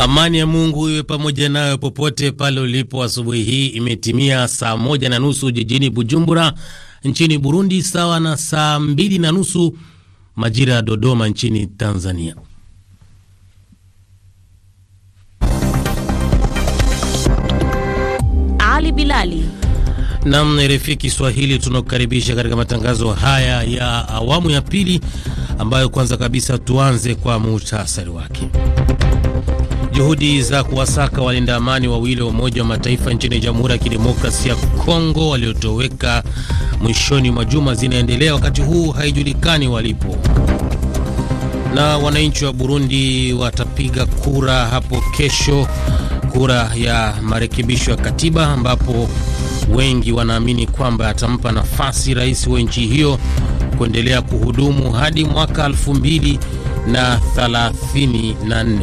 Amani ya Mungu iwe pamoja nawe popote pale ulipo. Asubuhi hii imetimia saa moja na nusu jijini Bujumbura nchini Burundi, sawa na saa mbili na nusu majira ya Dodoma nchini Tanzania. Ali Bilali nam RFI Kiswahili tunakukaribisha katika matangazo haya ya awamu ya pili, ambayo kwanza kabisa tuanze kwa muhtasari wake. Juhudi za kuwasaka walinda amani wawili wa Umoja wa Mataifa nchini Jamhuri ya Kidemokrasia ya Kongo waliotoweka mwishoni mwa juma zinaendelea, wakati huu haijulikani walipo. Na wananchi wa Burundi watapiga kura hapo kesho, kura ya marekebisho ya katiba, ambapo wengi wanaamini kwamba atampa nafasi rais wa nchi hiyo kuendelea kuhudumu hadi mwaka 2034.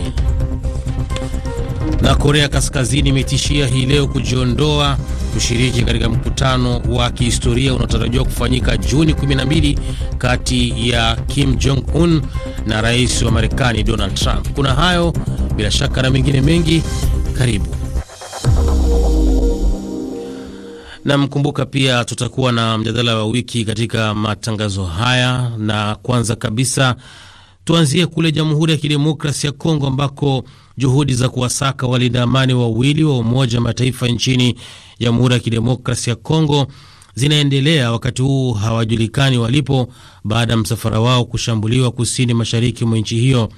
Na Korea Kaskazini imetishia hii leo kujiondoa kushiriki katika mkutano wa kihistoria unaotarajiwa kufanyika Juni 12 kati ya Kim Jong Un na rais wa Marekani Donald Trump. Kuna hayo bila shaka na mengine mengi, karibu na mkumbuka pia, tutakuwa na mjadala wa wiki katika matangazo haya, na kwanza kabisa tuanzie kule Jamhuri ya Kidemokrasia ya Kongo ambako juhudi za kuwasaka walinda amani wawili wa Umoja wa Mataifa nchini Jamhuri ya kidemokrasi ya Kongo zinaendelea wakati huu hawajulikani walipo baada ya msafara wao kushambuliwa kusini mashariki mwa nchi hiyo.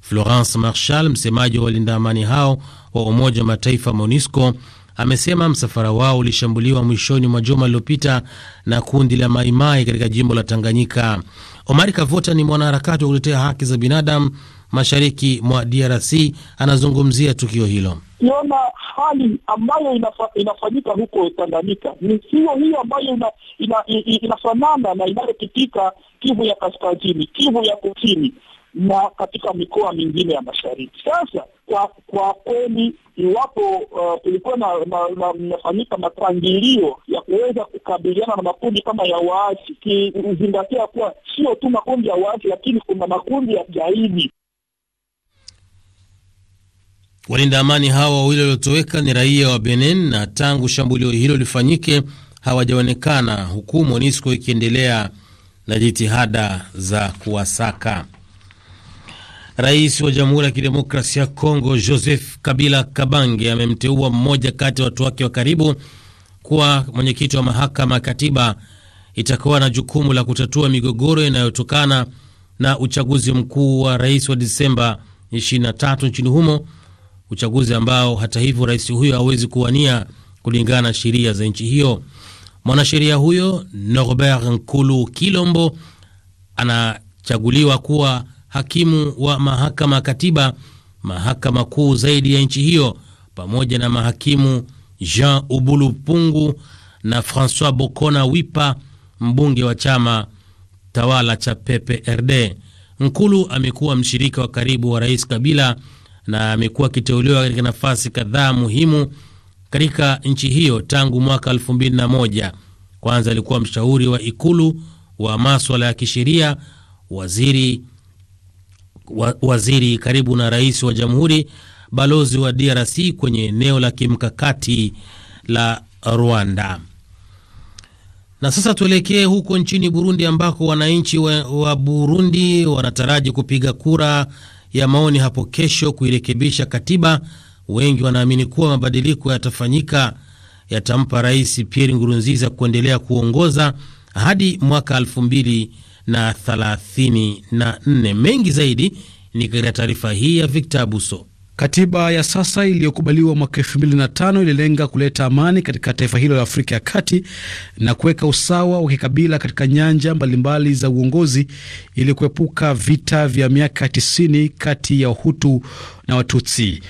Florence Marshal, msemaji wa walinda amani hao wa Umoja wa Mataifa MONUSCO, amesema msafara wao ulishambuliwa mwishoni mwa juma lililopita na kundi la Maimai katika jimbo la Tanganyika. Omar Kavota ni mwanaharakati wa kutetea haki za binadamu mashariki mwa DRC anazungumzia tukio hilo. Kiona hali ambayo inafa, inafanyika huko Tanganyika ni sio hiyo ambayo ina, ina, ina, inafanana na inayopitika Kivu ya kaskazini, Kivu ya kusini na katika mikoa mingine ya mashariki. Sasa kwa kwa kweli, iwapo uh, kulikuwa uh, inafanyika mapangilio ya kuweza kukabiliana na makundi kama ya waasi, kizingatia kuwa sio tu makundi ya waasi, lakini kuna makundi ya jaidi Walinda amani hawa wawili waliotoweka ni raia wa Benin na tangu shambulio hilo lifanyike hawajaonekana, huku MONUSCO ikiendelea na jitihada za kuwasaka. Rais wa Jamhuri ya Kidemokrasia ya Kongo Joseph Kabila Kabange amemteua mmoja kati ya watu wake wa karibu kuwa mwenyekiti wa mahakama ya katiba itakuwa na jukumu la kutatua migogoro inayotokana na uchaguzi mkuu wa rais wa Disemba 23 nchini humo uchaguzi ambao hata hivyo rais huyo hawezi kuwania kulingana na sheria za nchi hiyo. Mwanasheria huyo Norbert Nkulu Kilombo anachaguliwa kuwa hakimu wa mahakama katiba, mahakama kuu zaidi ya nchi hiyo, pamoja na mahakimu Jean Ubulu Pungu na Francois Bokona Wipa, mbunge wa chama tawala cha PPRD. Nkulu amekuwa mshirika wa karibu wa rais Kabila na amekuwa akiteuliwa katika nafasi kadhaa muhimu katika nchi hiyo tangu mwaka 2001. Kwanza alikuwa mshauri wa ikulu wa maswala ya kisheria, waziri, wa, waziri karibu na rais wa jamhuri, balozi wa DRC kwenye eneo la kimkakati la Rwanda. Na sasa tuelekee huko nchini Burundi ambako wananchi wa, wa Burundi wanataraji kupiga kura ya maoni hapo kesho kuirekebisha katiba. Wengi wanaamini kuwa mabadiliko yatafanyika yatampa Rais Pierre Nkurunziza kuendelea kuongoza hadi mwaka 234 Mengi zaidi ni katika taarifa hii ya Victor Abuso. Katiba ya sasa iliyokubaliwa mwaka elfu mbili na tano ililenga kuleta amani katika taifa hilo la Afrika ya Kati na kuweka usawa wa kikabila katika nyanja mbalimbali za uongozi ili kuepuka vita vya miaka tisini kati ya Wahutu na Watutsi.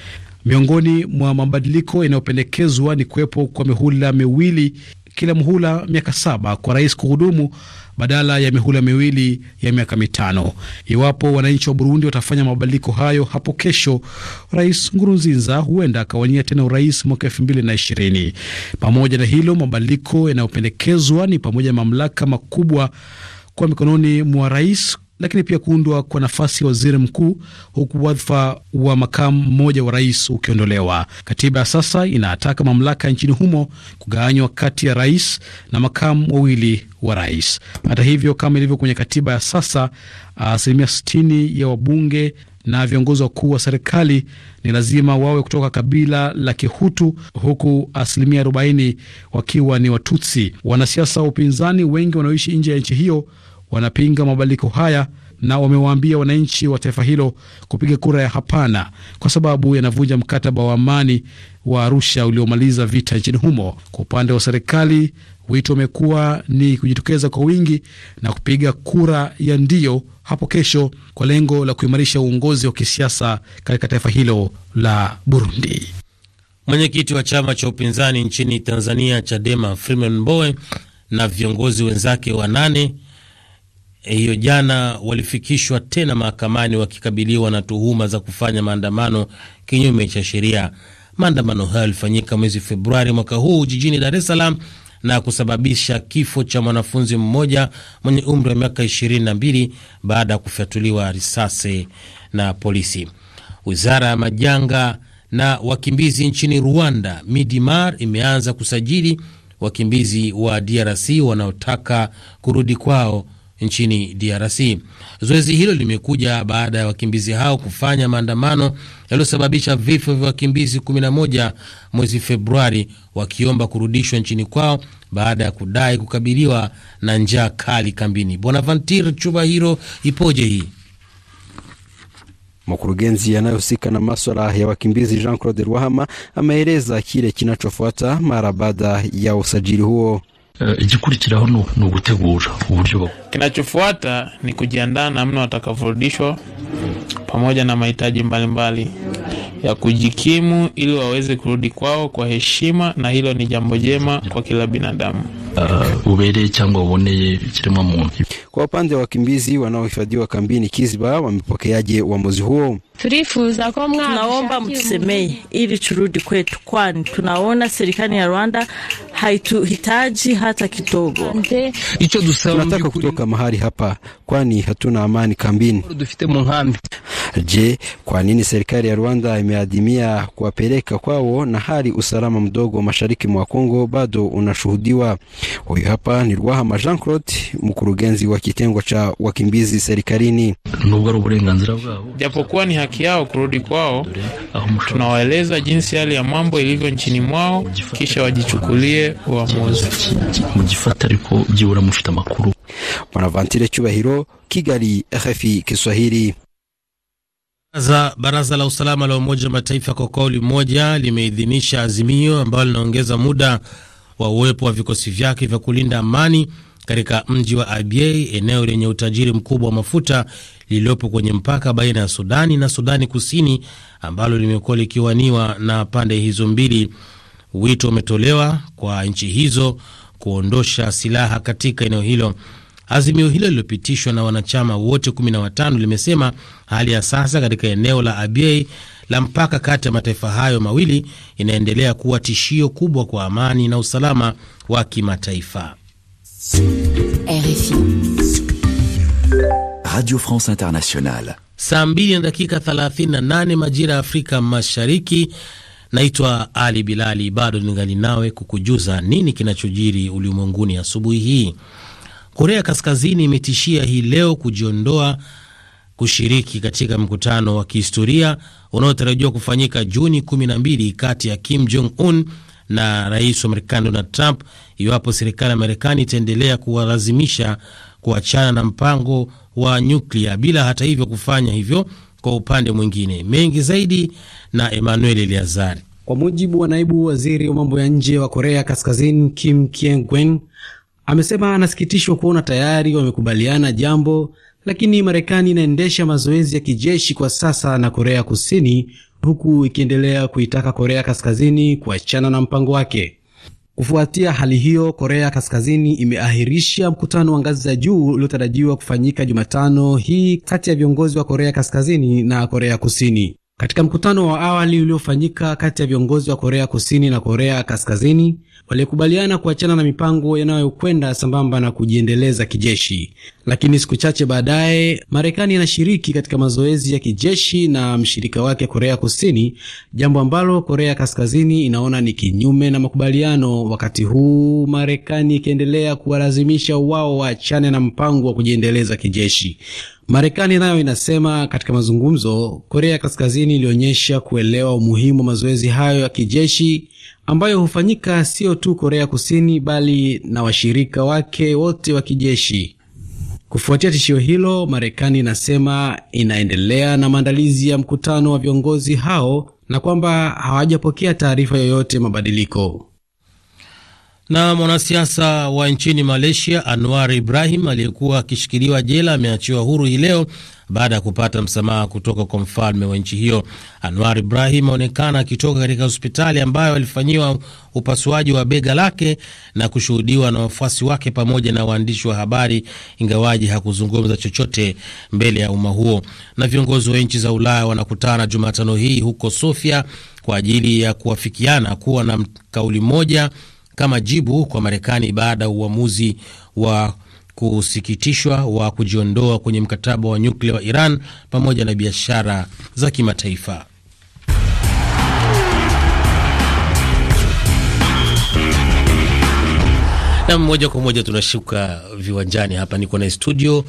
Miongoni mwa mabadiliko yanayopendekezwa ni kuwepo kwa mihula miwili kila muhula miaka saba kwa rais kuhudumu badala ya mihula miwili ya miaka mitano. Iwapo wananchi wa Burundi watafanya mabadiliko hayo hapo kesho, Rais Ngurunziza huenda akawania tena urais mwaka elfu mbili na ishirini. Pamoja na hilo, mabadiliko yanayopendekezwa ni pamoja na mamlaka makubwa kwa mikononi mwa rais lakini pia kuundwa kwa nafasi ya waziri mkuu, huku wadhifa wa makamu mmoja wa rais ukiondolewa. Katiba ya sasa inataka mamlaka nchini humo kugawanywa kati ya rais na makamu wawili wa rais. Hata hivyo, kama ilivyo kwenye katiba ya sasa, asilimia sitini ya wabunge na viongozi wakuu wa serikali ni lazima wawe kutoka kabila la Kihutu, huku asilimia 40 wakiwa ni Watutsi. Wanasiasa wa upinzani wengi wanaoishi nje ya nchi hiyo wanapinga mabadiliko haya na wamewaambia wananchi wa taifa hilo kupiga kura ya hapana kwa sababu yanavunja mkataba wa amani wa Arusha uliomaliza vita nchini humo. Kwa upande wa serikali, wito umekuwa ni kujitokeza kwa wingi na kupiga kura ya ndio hapo kesho kwa lengo la kuimarisha uongozi wa kisiasa katika taifa hilo la Burundi. Mwenyekiti wa chama cha upinzani nchini Tanzania, Chadema, Freeman Mbowe na viongozi wenzake wanane Eh, hiyo jana walifikishwa tena mahakamani wakikabiliwa na tuhuma za kufanya maandamano kinyume cha sheria. Maandamano hayo yalifanyika mwezi Februari mwaka huu jijini Dar es Salaam na kusababisha kifo cha mwanafunzi mmoja mwenye umri wa miaka 22 baada ya kufyatuliwa risasi na polisi. Wizara ya majanga na wakimbizi nchini Rwanda, Midimar, imeanza kusajili wakimbizi wa DRC wanaotaka kurudi kwao nchini DRC. Zoezi hilo limekuja baada ya wakimbizi hao kufanya maandamano yaliyosababisha vifo vya wakimbizi 11 mwezi Februari, wakiomba kurudishwa nchini kwao baada ya kudai kukabiliwa na njaa kali kambini. Bonaventure Chuba hilo ipoje hii? Mkurugenzi anayehusika na maswala ya wakimbizi Jean Claude Rwahama ameeleza kile kinachofuata mara baada ya usajili huo. Eh, igikurikiraho ni ugutegura uburyo kinachofuata ni kujiandaa namna watakavyorudishwa pamoja na mahitaji mbalimbali ya kujikimu ili waweze kurudi kwao kwa heshima, na hilo ni jambo jema kwa kila binadamu. Uh, eh, ubereye cyangwa uboneye ikiremwa muntu. Kwa upande wa wakimbizi wanaohifadhiwa kambini Kiziba, wamepokeaje uamuzi huo? Tulifuza kwa mwa tunaomba mtusemee ili turudi kwetu, kwani tunaona serikali ya Rwanda haituhitaji hata kidogo. Tunataka kutoka mahali hapa, kwani hatuna amani kambini. Je, kwa nini serikali ya Rwanda imeadhimia kuwapeleka kwao na hali usalama mdogo mashariki mwa Kongo bado unashuhudiwa? Huyu hapa ni Rwahama Jean Claude, mkurugenzi wa kitengo cha wakimbizi serikalini. Japokuwa ni haki yao kurudi kwao, tunawaeleza jinsi hali ya mambo ilivyo nchini mwao, kisha wajichukulie uamuzi. Bonaventure Cyubahiro, Kigali, RFI Kiswahili. Baraza, baraza la usalama la Umoja wa Mataifa kwa kauli moja limeidhinisha azimio ambalo linaongeza muda wa uwepo wa vikosi vyake vya kulinda amani katika mji wa Abyei, eneo lenye utajiri mkubwa wa mafuta lililopo kwenye mpaka baina ya Sudani na Sudani Kusini, ambalo limekuwa likiwaniwa na pande hizo mbili. Wito umetolewa kwa nchi hizo kuondosha silaha katika eneo hilo. Azimio hilo lililopitishwa na wanachama wote 15 limesema hali ya sasa katika eneo la Abyei la mpaka kati ya mataifa hayo mawili inaendelea kuwa tishio kubwa kwa amani na usalama wa kimataifa. Radio France Internationale, saa 2 na dakika 38 majira ya Afrika Mashariki. Naitwa Ali Bilali, bado ningali nawe kukujuza nini kinachojiri ulimwenguni asubuhi hii. Korea Kaskazini imetishia hii leo kujiondoa kushiriki katika mkutano wa kihistoria unaotarajiwa kufanyika Juni 12 kati ya Kim Jong Un na rais wa Marekani Donald Trump iwapo serikali ya Marekani itaendelea kuwalazimisha kuachana na mpango wa nyuklia bila hata hivyo kufanya hivyo kwa upande mwingine. Mengi zaidi na Emmanuel Eliazari. Kwa mujibu wa naibu waziri wa mambo ya nje wa Korea Kaskazini Kim Kiengwen, amesema anasikitishwa kuona tayari wamekubaliana jambo, lakini Marekani inaendesha mazoezi ya kijeshi kwa sasa na Korea Kusini, huku ikiendelea kuitaka Korea Kaskazini kuachana na mpango wake. Kufuatia hali hiyo, Korea Kaskazini imeahirisha mkutano wa ngazi za juu uliotarajiwa kufanyika Jumatano hii kati ya viongozi wa Korea Kaskazini na Korea Kusini. Katika mkutano wa awali uliofanyika kati ya viongozi wa Korea Kusini na Korea Kaskazini, walikubaliana kuachana na mipango yanayokwenda sambamba na kujiendeleza kijeshi. Lakini siku chache baadaye, Marekani inashiriki katika mazoezi ya kijeshi na mshirika wake Korea Kusini, jambo ambalo Korea Kaskazini inaona ni kinyume na makubaliano, wakati huu Marekani ikiendelea kuwalazimisha wao waachane na mpango wa kujiendeleza kijeshi. Marekani nayo inasema katika mazungumzo, Korea Kaskazini ilionyesha kuelewa umuhimu wa mazoezi hayo ya kijeshi ambayo hufanyika sio tu Korea Kusini bali na washirika wake wote wa kijeshi. Kufuatia tishio hilo, Marekani inasema inaendelea na maandalizi ya mkutano wa viongozi hao na kwamba hawajapokea taarifa yoyote mabadiliko. Na mwanasiasa wa nchini Malaysia Anwar Ibrahim aliyekuwa akishikiliwa jela ameachiwa huru hii leo baada ya kupata msamaha kutoka kwa mfalme wa nchi hiyo. Anwar Ibrahim aonekana akitoka katika hospitali ambayo alifanyiwa upasuaji wa bega lake na kushuhudiwa na wafuasi wake pamoja na waandishi wa habari, ingawaji hakuzungumza chochote mbele ya umma huo. Na viongozi wa nchi za Ulaya wanakutana Jumatano hii huko Sofia kwa ajili ya kuafikiana kuwa na kauli moja kama jibu kwa Marekani baada ya uamuzi wa kusikitishwa wa kujiondoa kwenye mkataba wa nyuklia wa Iran pamoja na biashara za kimataifa. Na moja kwa moja tunashuka viwanjani hapa, niko na studio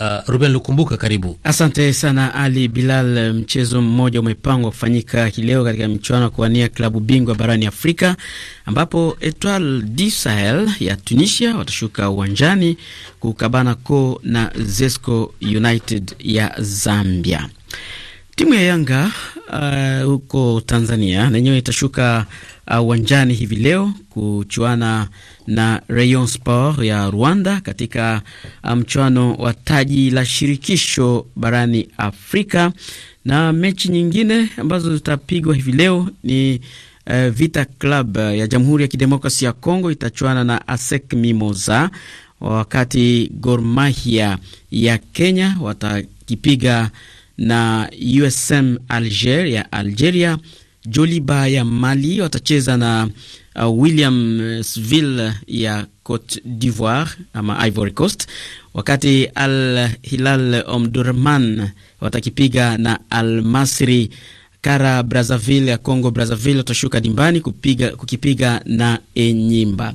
Uh, Ruben Lukumbuka, karibu. Asante sana Ali Bilal. Mchezo mmoja umepangwa kufanyika hii leo katika michuano ya kuwania klabu bingwa barani Afrika ambapo Etoile du Sahel ya Tunisia watashuka uwanjani kukabana ko na Zesco United ya Zambia. Timu ya Yanga uh, huko Tanzania na yenyewe itashuka uh, uwanjani uh, hivi leo kuchuana na Rayon Sport ya Rwanda katika uh, mchuano wa taji la shirikisho barani Afrika. Na mechi nyingine ambazo zitapigwa hivi leo ni uh, Vita Club ya Jamhuri ya Kidemokrasia ya Kongo itachuana na ASEC Mimosa, wakati Gor Mahia ya Kenya watakipiga na USM Alger ya Algeria Joliba ya Mali watacheza na uh, Williamsville uh, ya Cote d'Ivoire ama Ivory Coast, wakati Al Hilal Omdurman watakipiga na Al Masri. Kara Brazzaville ya Congo Brazzaville watashuka dimbani kupiga, kukipiga na Enyimba.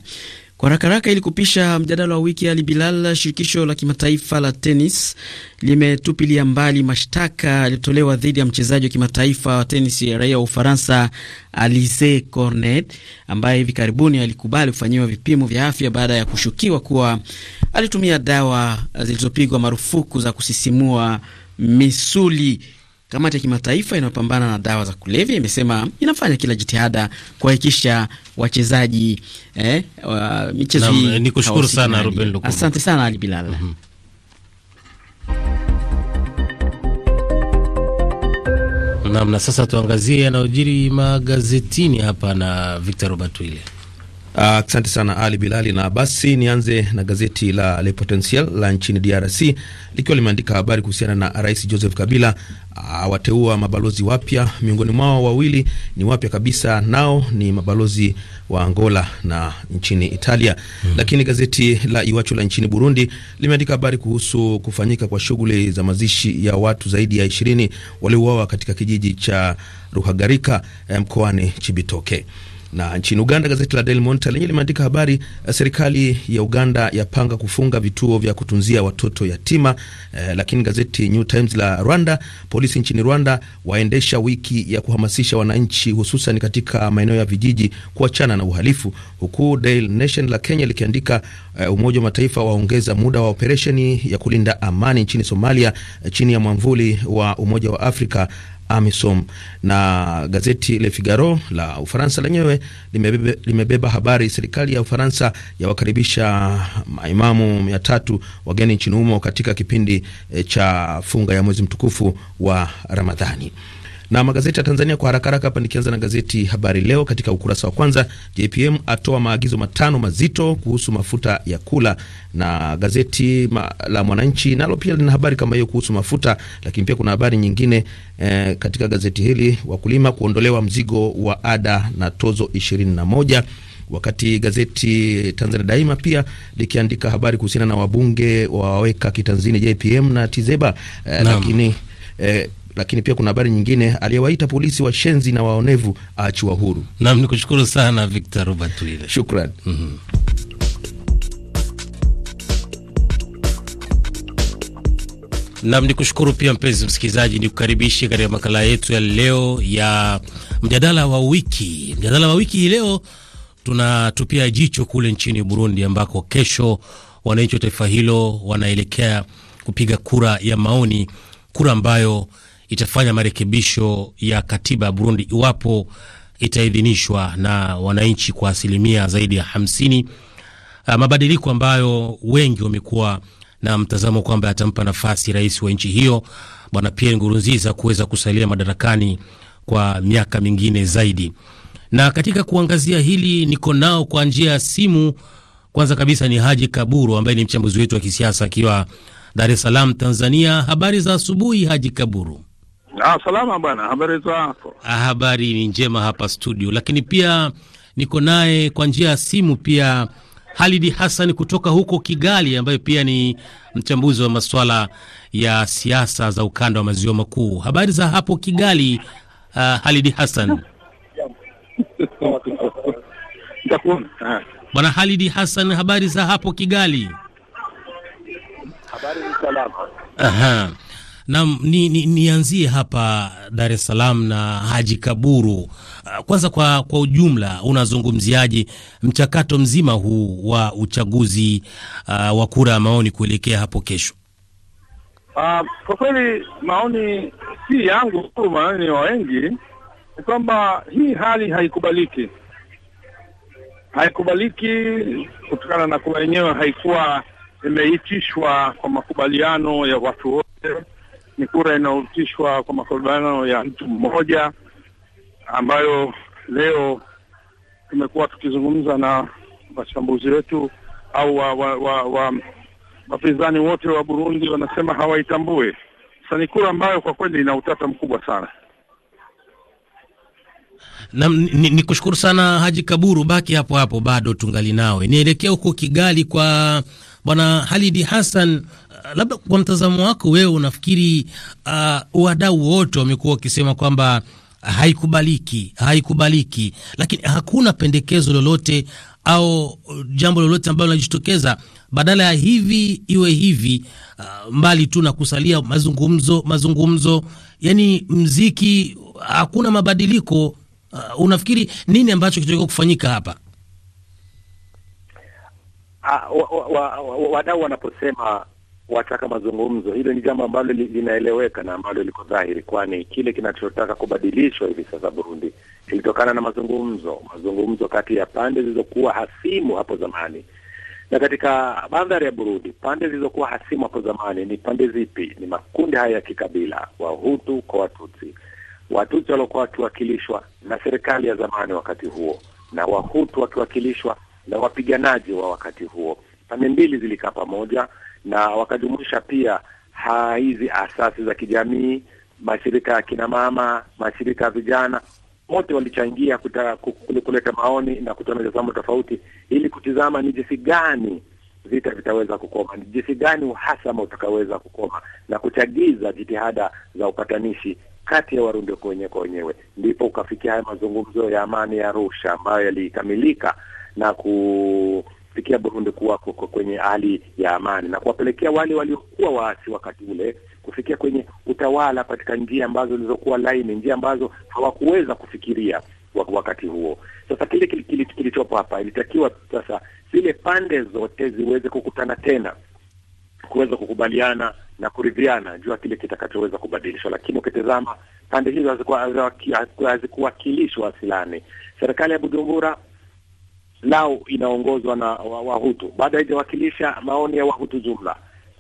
Kwa rakaraka ili kupisha mjadala wa wiki Ali Bilal, shirikisho la kimataifa la tenis limetupilia mbali mashtaka yaliyotolewa dhidi ya mchezaji wa kimataifa wa tenis ya raia wa Ufaransa Alize Cornet ambaye hivi karibuni alikubali kufanyiwa vipimo vya afya baada ya kushukiwa kuwa alitumia dawa zilizopigwa marufuku za kusisimua misuli. Kamati ya kimataifa inayopambana na dawa za kulevya imesema inafanya kila jitihada kuhakikisha wachezaji eh, wa michezo hii. Eh, ni kushukuru sana Ruben Asante sana Ali Bilal. mm -hmm. Nam, na sasa tuangazie yanayojiri magazetini hapa na Victor Robert Wile. Ah, asante uh, sana Ali Bilali. Na basi nianze na gazeti la Le Potentiel la nchini DRC likiwa limeandika habari kuhusiana na Rais Joseph Kabila ah, awateua uh, mabalozi wapya. Miongoni mwao wawili ni wapya kabisa, nao ni mabalozi wa Angola na nchini Italia. mm -hmm. Lakini gazeti la Iwacho la nchini Burundi limeandika habari kuhusu kufanyika kwa shughuli za mazishi ya watu zaidi ya ishirini waliouawa katika kijiji cha Ruhagarika eh, mkoani Chibitoke. Na nchini Uganda, gazeti la Daily Monitor lenyewe limeandika habari, eh, serikali ya Uganda yapanga kufunga vituo vya kutunzia watoto yatima. Eh, lakini gazeti New Times la Rwanda, polisi nchini Rwanda waendesha wiki ya kuhamasisha wananchi hususan katika maeneo ya vijiji kuachana na uhalifu, huku Daily Nation la Kenya likiandika eh, Umoja wa Mataifa waongeza muda wa operesheni ya kulinda amani nchini Somalia eh, chini ya mwamvuli wa Umoja wa Afrika AMISOM. Na gazeti Le Figaro la Ufaransa lenyewe limebeba, limebeba habari serikali ya Ufaransa yawakaribisha maimamu mia tatu wageni nchini humo katika kipindi eh, cha funga ya mwezi mtukufu wa Ramadhani. Na magazeti ya Tanzania kwa haraka haraka hapa, nikianza na gazeti Habari Leo katika ukurasa wa kwanza, JPM atoa maagizo matano mazito kuhusu mafuta ya kula. Na gazeti ma, la Mwananchi nalo pia lina habari kama hiyo kuhusu mafuta, lakini pia kuna habari nyingine eh, katika gazeti hili, wakulima kuondolewa mzigo wa ada na tozo 21 wakati gazeti Tanzania Daima pia likiandika habari kuhusiana na wabunge waweka kitanzini JPM na Tizeba eh, lakini eh, lakini pia kuna habari nyingine, aliyewaita polisi washenzi na waonevu aachiwa huru. Nam ni kushukuru sana Victor Robert Wile, shukran. mm -hmm. Nam ni kushukuru pia mpenzi msikilizaji, ni kukaribishe katika makala yetu ya leo ya mjadala wa wiki. Mjadala wa wiki hii leo tunatupia jicho kule nchini Burundi, ambako kesho wananchi wa taifa hilo wanaelekea kupiga kura ya maoni, kura ambayo itafanya marekebisho ya katiba ya Burundi iwapo itaidhinishwa na wananchi kwa asilimia zaidi ya hamsini, ah, mabadiliko ambayo wengi wamekuwa na mtazamo kwamba atampa nafasi rais wa nchi hiyo Bwana Pierre Nkurunziza kuweza kusalia madarakani kwa miaka mingine zaidi. Na katika kuangazia hili niko nao kwa njia ya simu. Kwanza kabisa ni Haji Kaburu ambaye ni mchambuzi wetu wa kisiasa akiwa Dar es Salaam, Tanzania. Habari za asubuhi, Haji Kaburu. Ah, salama bwana, habari zako? Ah, habari ni njema hapa studio, lakini pia niko naye kwa njia ya simu pia Halidi Hassan kutoka huko Kigali, ambaye pia ni mchambuzi wa masuala ya siasa za ukanda wa maziwa makuu. Habari za hapo Kigali, uh, Halidi Hassan? Bwana Halidi Hassan, habari za hapo Kigali? Habari ni salama. Aha. Naam, ni, ni, hapa Dar es Salaam na Haji Kaburu. Ah, kwanza kwa, kwa ujumla unazungumziaje mchakato mzima huu wa uchaguzi uh, wa kura ya maoni kuelekea hapo kesho? Uh, kwa kweli maoni si yangu tu, maoni ya wengi ni kwamba hii hali haikubaliki, haikubaliki kutokana na kura yenyewe haikuwa imeitishwa kwa makubaliano ya watu wote ni kura inayohusishwa kwa makubaliano ya mtu mmoja, ambayo leo tumekuwa tukizungumza na wachambuzi wetu au wa, wa, wa, wa wapinzani wote wa Burundi wanasema hawaitambue. Sasa ni kura ambayo kwa kweli ina utata mkubwa sana. Na, ni, ni kushukuru sana Haji Kaburu, baki hapo hapo, bado tungali nawe. Nielekea huko Kigali kwa Bwana Halidi Hassan labda kwa mtazamo wako wewe unafikiri uh, wadau wote wamekuwa wakisema kwamba haikubaliki, haikubaliki, lakini hakuna pendekezo lolote au jambo lolote ambalo linajitokeza badala ya hivi iwe hivi, uh, mbali tu na kusalia mazungumzo, mazungumzo, yani mziki, hakuna mabadiliko. Uh, unafikiri nini ambacho kitakiwa kufanyika hapa? Uh, ah, wadau wa, wa, wa, wanaposema wataka mazungumzo. Hilo ni jambo ambalo li, linaeleweka na ambalo liko dhahiri, kwani kile kinachotaka kubadilishwa hivi sasa Burundi kilitokana na mazungumzo, mazungumzo kati ya pande zilizokuwa hasimu hapo zamani. Na katika mandhari ya Burundi, pande zilizokuwa hasimu hapo zamani ni pande zipi? Ni makundi haya ya kikabila, Wahutu kwa Watutsi, Watutsi waliokuwa wakiwakilishwa na serikali ya zamani wakati huo, na Wahutu wakiwakilishwa na wapiganaji wa wakati huo. Pande mbili zilikaa pamoja na wakajumuisha pia ha hizi asasi za kijamii, mashirika ya kina mama, mashirika ya vijana, wote walichangia kuleta maoni na kutoa mitazamo tofauti, ili kutizama ni jinsi gani vita vitaweza kukoma, ni jinsi gani uhasama utakaweza kukoma na kuchagiza jitihada za upatanishi kati ya Warundi wenyewe kwa wenyewe. Ndipo ukafikia haya mazungumzo ya amani ya Arusha ambayo yalikamilika na ku kufikia Burundi kuwa kwenye hali ya amani na kuwapelekea wale waliokuwa waasi wakati ule kufikia kwenye utawala katika njia ambazo zilizokuwa laini, njia ambazo hawakuweza kufikiria wakati huo. Sasa kile kilichopo kili, kili hapa, ilitakiwa sasa zile pande zote ziweze kukutana tena kuweza kukubaliana na kuridhiana juu ya kile kitakachoweza kubadilishwa, lakini ukitazama pande hizo hazikuwakilishwa silani Serikali ya Bujumbura lao inaongozwa na Wahutu, ya ijawakilisha maoni ya Wahutu jumla.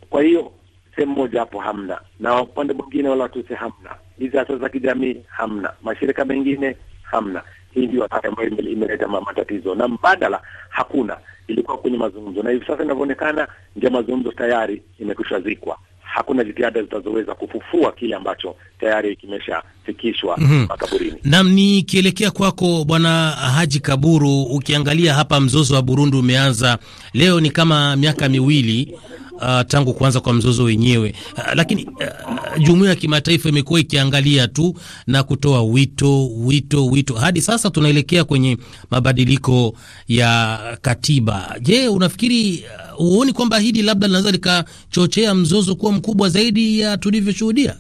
Kwa hiyo sehemu moja hapo hamna, na upande mwingine wala Watutsi hamna, hizi asasi za kijamii hamna, mashirika mengine hamna. Hii ndio hatari ambayo imeleta matatizo, na mbadala hakuna. Ilikuwa kwenye mazungumzo, na hivi sasa inavyoonekana ndio mazungumzo tayari imekwisha zikwa hakuna jitihada zitazoweza kufufua kile ambacho tayari kimeshafikishwa mhm. makaburini. mm -hmm. Naam, nikielekea kwako Bwana Haji Kaburu, ukiangalia hapa mzozo wa Burundi umeanza leo ni kama miaka miwili uh, tangu kuanza kwa mzozo wenyewe uh, lakini uh, jumuiya ya kimataifa imekuwa ikiangalia tu na kutoa wito wito wito hadi sasa tunaelekea kwenye mabadiliko ya katiba. Je, unafikiri uh, huoni uh, kwamba hili labda linaweza likachochea mzozo kuwa mkubwa zaidi ya tulivyoshuhudia?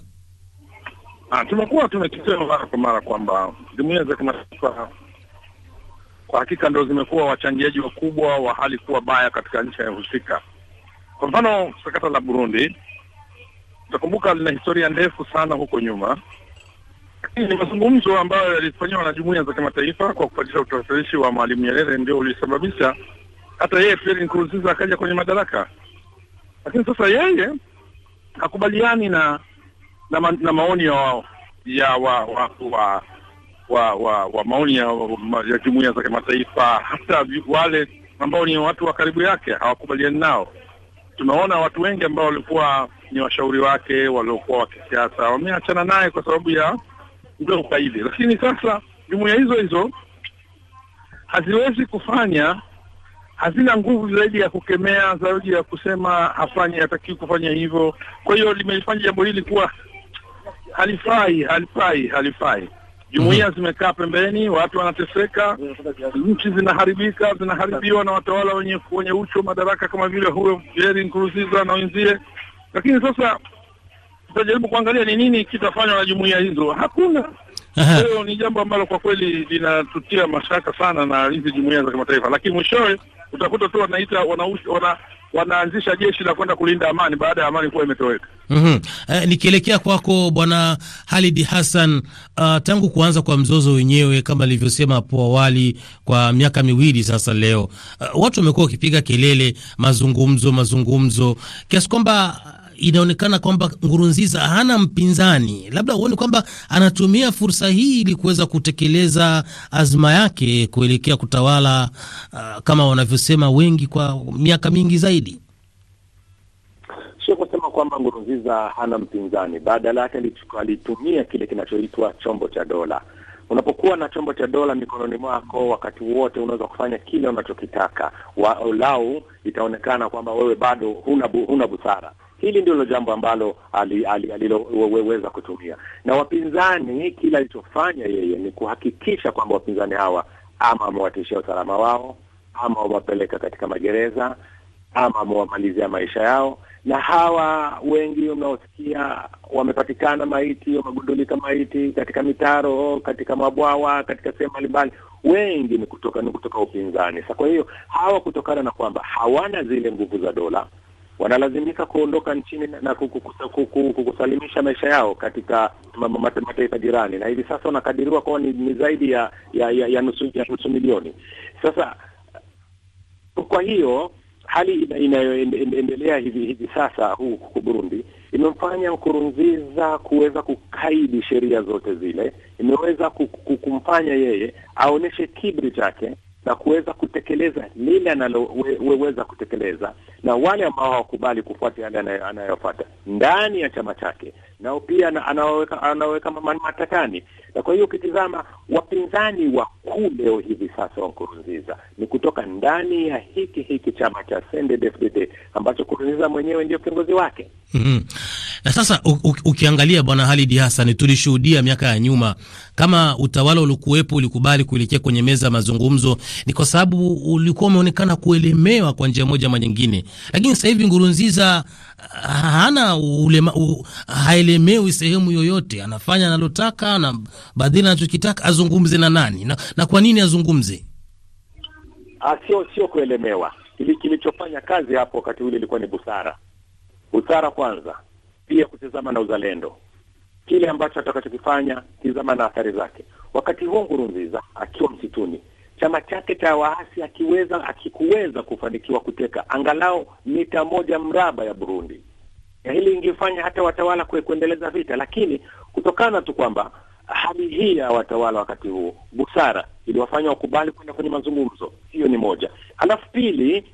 Ah, tumekuwa tumekisema mara kwa mara kwamba jumuiya za kimataifa kwa hakika ndo zimekuwa wachangiaji wakubwa wa hali kuwa baya katika nchi husika kwa mfano sakata la Burundi, utakumbuka lina historia ndefu sana huko nyuma, lakini ni mazungumzo ambayo yalifanyiwa na jumuiya za kimataifa kwa kufuatisha utafsirishi wa Mwalimu Nyerere ndio ulisababisha hata yeye Pierre Nkurunziza akaja kwenye madaraka. Lakini sasa yeye hakubaliani na na, ma, na maoni ya wao ya wa wa wa, wa, wa, wa maoni ya, ya jumuiya za kimataifa, hata wale ambao ni watu wa karibu yake hawakubaliani nao tumeona watu wengi ambao walikuwa ni washauri wake waliokuwa wa kisiasa wameachana naye kwa sababu ya ule ubaili. Lakini sasa jumuiya hizo hizo haziwezi kufanya, hazina nguvu zaidi ya kukemea, zaidi ya kusema hafanye, hatakiwi kufanya hivyo. Kwa hiyo limeifanya jambo hili kuwa halifai, halifai, halifai jumuiya zimekaa pembeni, watu wanateseka, nchi zinaharibika, zinaharibiwa na watawala wenye wenye uchu madaraka kama vile huyo Pierre Nkurunziza na wenzie. Lakini sasa tutajaribu kuangalia ni nini kitafanywa na jumuiya hizo, hakuna. Leo ni jambo ambalo kwa kweli linatutia mashaka sana na hizi jumuiya za kimataifa, lakini mwishowe utakuta tu wanaita wana, wana wanaanzisha jeshi la kwenda kulinda amani baada ya amani kuwa imetoweka. mm -hmm. Eh, nikielekea kwako Bwana Halidi Hassan, uh, tangu kuanza kwa mzozo wenyewe kama alivyosema hapo awali kwa miaka miwili sasa leo, uh, watu wamekuwa wakipiga kelele mazungumzo, mazungumzo kiasi kwamba inaonekana kwamba Ngurunziza hana mpinzani, labda huoni kwamba anatumia fursa hii ili kuweza kutekeleza azma yake kuelekea kutawala uh, kama wanavyosema wengi kwa miaka mingi zaidi? Sio kusema kwamba Ngurunziza hana mpinzani, badala yake alitumia kile kinachoitwa chombo cha dola. Unapokuwa na chombo cha dola mikononi mwako, wakati wote unaweza kufanya kile unachokitaka, walau itaonekana kwamba wewe bado huna, bu, huna busara. Hili ndilo jambo ambalo aliloweza kutumia, na wapinzani, kila alichofanya yeye ni kuhakikisha kwamba wapinzani hawa ama wamewatishia usalama wao, ama wamewapeleka katika magereza, ama wamewamalizia maisha yao. Na hawa wengi unaosikia wamepatikana maiti, wamegundulika maiti katika mitaro, katika mabwawa, katika sehemu mbalimbali, wengi ni kutoka ni kutoka upinzani. Sa kwa hiyo hawa, kutokana na kwamba hawana zile nguvu za dola wanalazimika kuondoka nchini na kukusalimisha maisha yao katika mataifa jirani, na hivi sasa wanakadiriwa kuwa ni, ni zaidi ya ya, ya, ya, nusu, ya nusu milioni. Sasa kwa hiyo hali inayoendelea hivi hivi sasa huku Burundi imemfanya Nkurunziza kuweza kukaidi sheria zote zile, imeweza kumfanya yeye aonyeshe kibri chake na kuweza kutekeleza lile analoweza kutekeleza, na wale ambao hawakubali kufuata yale anayofuata ndani ya chama chake, nao pia anaweka, anaweka matatani. Na kwa hiyo ukitizama wapinzani wakuu leo hivi sasa wa Nkurunziza ni kutoka ndani ya hiki hiki chama cha CNDD-FDD ambacho Nkurunziza mwenyewe ndio kiongozi wake. mm -hmm. Na sasa ukiangalia Bwana Halidi Hassan, tulishuhudia miaka ya nyuma kama utawala ulikuwepo ulikubali kuelekea kwenye meza ya mazungumzo, ni kwa sababu ulikuwa umeonekana kuelemewa kwa njia moja ama nyingine, lakini sasa hivi Ngurunziza ah, hana ulema, haelemewi sehemu yoyote, anafanya analotaka na badhili anachokitaka. Azungumze na nani na, na kwa nini azungumze? Ah, sio, sio kuelemewa. kilichofanya kazi hapo wakati ule ilikuwa ni busara. Busara kwanza, pia kutizama na uzalendo, kile ambacho atakachokifanya tizama na athari zake. Wakati huo ngurunziza akiwa msituni, chama chake cha waasi akiweza akikuweza kufanikiwa kuteka angalau mita moja mraba ya Burundi, ya hili ingefanya hata watawala kwe kuendeleza vita, lakini kutokana tu kwamba hali hii ya watawala wakati huo, busara iliwafanya wakubali kwenda kwenye mazungumzo. Hiyo ni moja. Alafu pili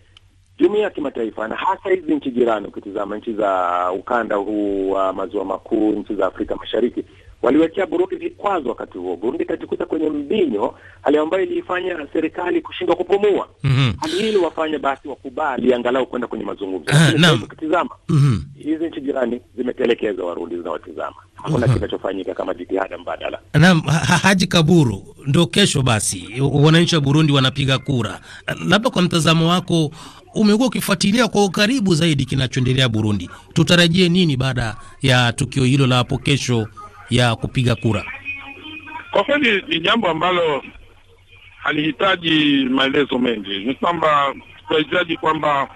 jumuia ya kimataifa na hasa hizi nchi jirani, ukitizama nchi za ukanda huu wa maziwa makuu, nchi za Afrika Mashariki waliwekea Burundi vikwazo. Wakati huo Burundi ikajikuta kwenye mbinyo, hali ambayo iliifanya serikali kushindwa kupumua. mm -hmm. Hali hii iliwafanya basi wakubali angalau kwenda kwenye mazungumzo, lakini ukitizama mm hizi -hmm. nchi jirani zimetelekeza Warundi, zinawatizama hakuna mm -hmm. kinachofanyika kama jitihada mbadala. Naam, Haji Kaburu, ndo kesho basi wananchi wa Burundi wanapiga kura, labda kwa mtazamo wako umekuwa ukifuatilia kwa ukaribu zaidi kinachoendelea Burundi. Tutarajie nini baada ya tukio hilo la hapo kesho ya kupiga kura? Kwa kweli ni jambo ambalo halihitaji maelezo mengi, ni kwamba tunahitaji kwamba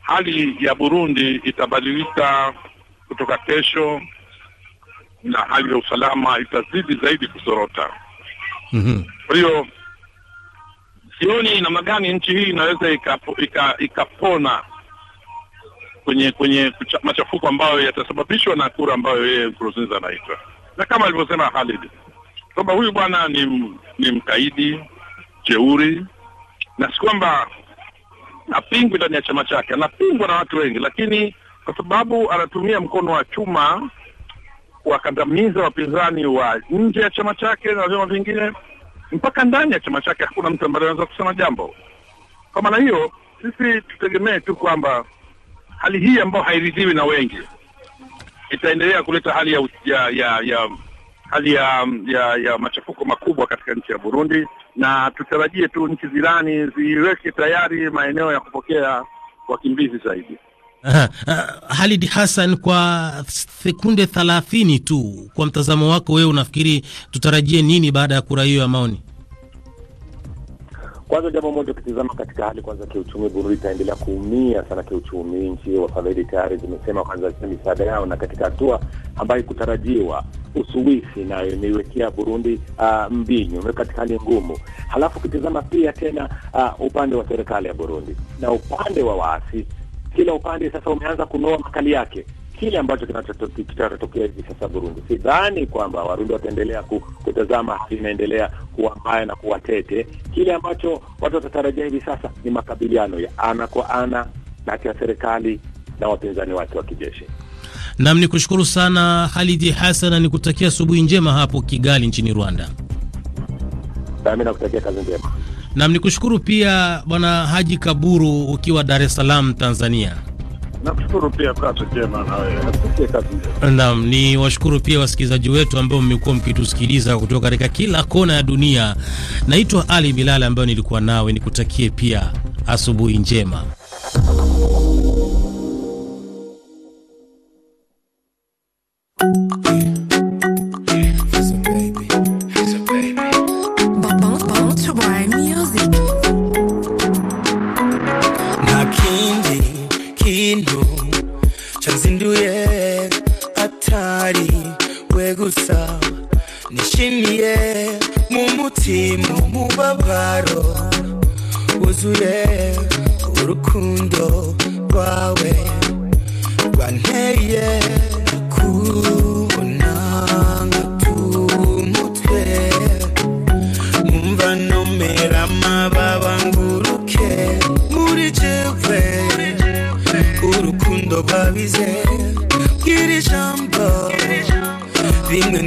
hali ya Burundi itabadilika kutoka kesho, na hali ya usalama itazidi zaidi kuzorota. Mhm. Kwa hiyo sioni namna gani nchi hii inaweza ikapona ika, ika kwenye kwenye machafuko ambayo yatasababishwa na kura ambayo yeye Nkurunziza anaitwa, na kama alivyosema Khalid kwamba huyu bwana ni, ni mkaidi jeuri, na si kwamba apingwi ndani ya chama chake, anapingwa na watu wengi, lakini kwa sababu anatumia mkono wa chuma kuwakandamiza wapinzani wa nje ya chama chake na vyama vingine mpaka ndani ya chama chake hakuna mtu ambaye anaweza kusema jambo. Kwa maana hiyo, sisi tutegemee tu kwamba hali hii ambayo hairidhiwi na wengi itaendelea kuleta hali ya, ya, ya, ya hali ya, ya, ya machafuko makubwa katika nchi ya Burundi, na tutarajie tu nchi jirani ziweke tayari maeneo ya kupokea wakimbizi zaidi. Uh, Halid Hassan, kwa sekunde thelathini tu, kwa mtazamo wako wewe, unafikiri tutarajie nini baada ya kura hiyo ya maoni? Kwanza jambo moja, ukitizama katika hali kwanza kiuchumi, Burundi itaendelea kuumia sana kiuchumi. Nchi wafadhili tayari zimesema kwanza misaada yao, na katika hatua ambayo ikutarajiwa Uswisi nayo imeiwekea Burundi uh, mbinyu katika hali ngumu. Halafu ukitizama pia tena uh, upande wa serikali ya Burundi na upande wa waasi kila upande sasa umeanza kunoa makali yake. Kile ambacho kinachotokea hivi sasa Burundi, sidhani kwamba Warundi wataendelea kutazama hali inaendelea kuwa mbaya na kuwa tete. Kile ambacho watu watatarajia hivi sasa ni makabiliano ya ana kwa ana kati ya serikali na wapinzani wake wa kijeshi. Nam ni kushukuru sana Halidi hasan na kutakia asubuhi njema hapo Kigali nchini Rwanda. Nami nakutakia kazi njema. Nam, ni kushukuru pia Bwana Haji Kaburu ukiwa Dar es Salaam, Tanzania. Nakushukuru pia na naam, ni washukuru pia wasikilizaji wetu ambao mmekuwa mkitusikiliza kutoka katika kila kona ya dunia. Naitwa Ali Bilal ambayo nilikuwa nawe, nikutakie pia asubuhi njema. urukundo rwawe rwanteye kubona nk'utumutwe numva nomera amababa nguruke muri jewe urukundo babize bw'iri jambo bimwe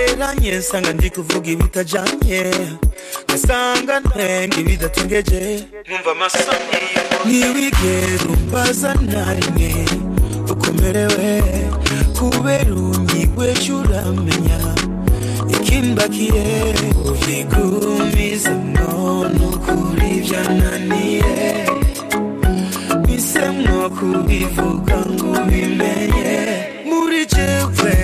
duteranye nsanga ndi kuvuga ibitajyanye ngasanga ntwenga ibidatungeje numva amasoni ntiwigere umbaza na rimwe ukomerewe kubera unyigwe cyo uramenya ikimbakiye ubigumiza none ukuri byananiye bise mwo kubivuga ngo ubimenye muri jewe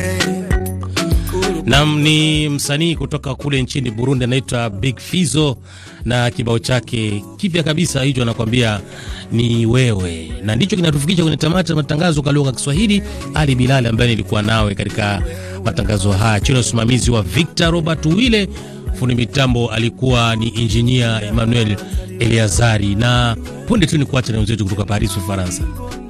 nam ni msanii kutoka kule nchini Burundi, anaitwa Big Fizo na kibao chake kipya kabisa hicho, anakuambia ni wewe, na ndicho kinatufikisha kwenye tamati ya matangazo kwa lugha ya Kiswahili. Ali Bilali ambaye nilikuwa nawe katika matangazo haya chini ya usimamizi wa Victor Robert Wile, fundi mitambo alikuwa ni injinia Emmanuel Eleazari, na punde tu ni kuacha na wenzetu kutoka Paris, Ufaransa.